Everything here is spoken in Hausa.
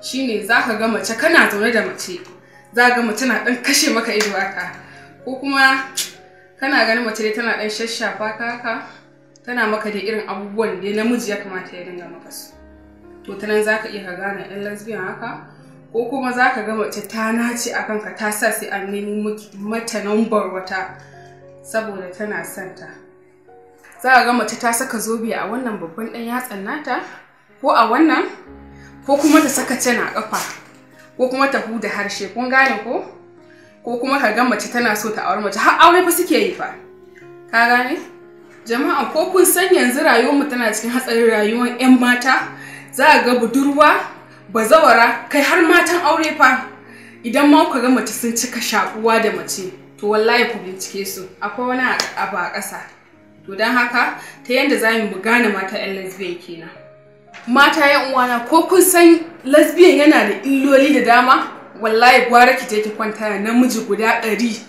shine za ka ga mace kana zaune da mace za ga mace na ɗan kashe maka ido haka ko kuma kana ganin mace dai tana ɗan shashafa ka haka tana maka da irin abubuwan da namiji ya kamata ya dinga maka su to ta nan za ka iya ka gane ɗan lesbian haka ko kuma za ka ga mace ta nace a kanka ta sa sai an nemi mata nambar wata saboda tana santa za ka ga mace ta saka zobe a wannan babban ɗan yatsan nata ko a wannan ko kuma ta saka cana kafa ko kuma ta huda harshe kun gane ko ko kuma ka ga mace tana so ta aure mace har aure fa suke yi fa ka gane jama'a ko kun san yanzu rayuwar mu tana cikin hatsarin rayuwar yan mata za a ga budurwa bazawara kai har matan aure fa idan ma ku ga mace sun cika shakuwa da mace to wallahi ku bincike su akwai wani abu a ƙasa to don haka ta yadda za mu gane mata 'yan lesbian kenan mata yan uwana ko kun san lesbian yana da illoli da dama wallahi gwara ki je ki kwanta namiji guda ɗari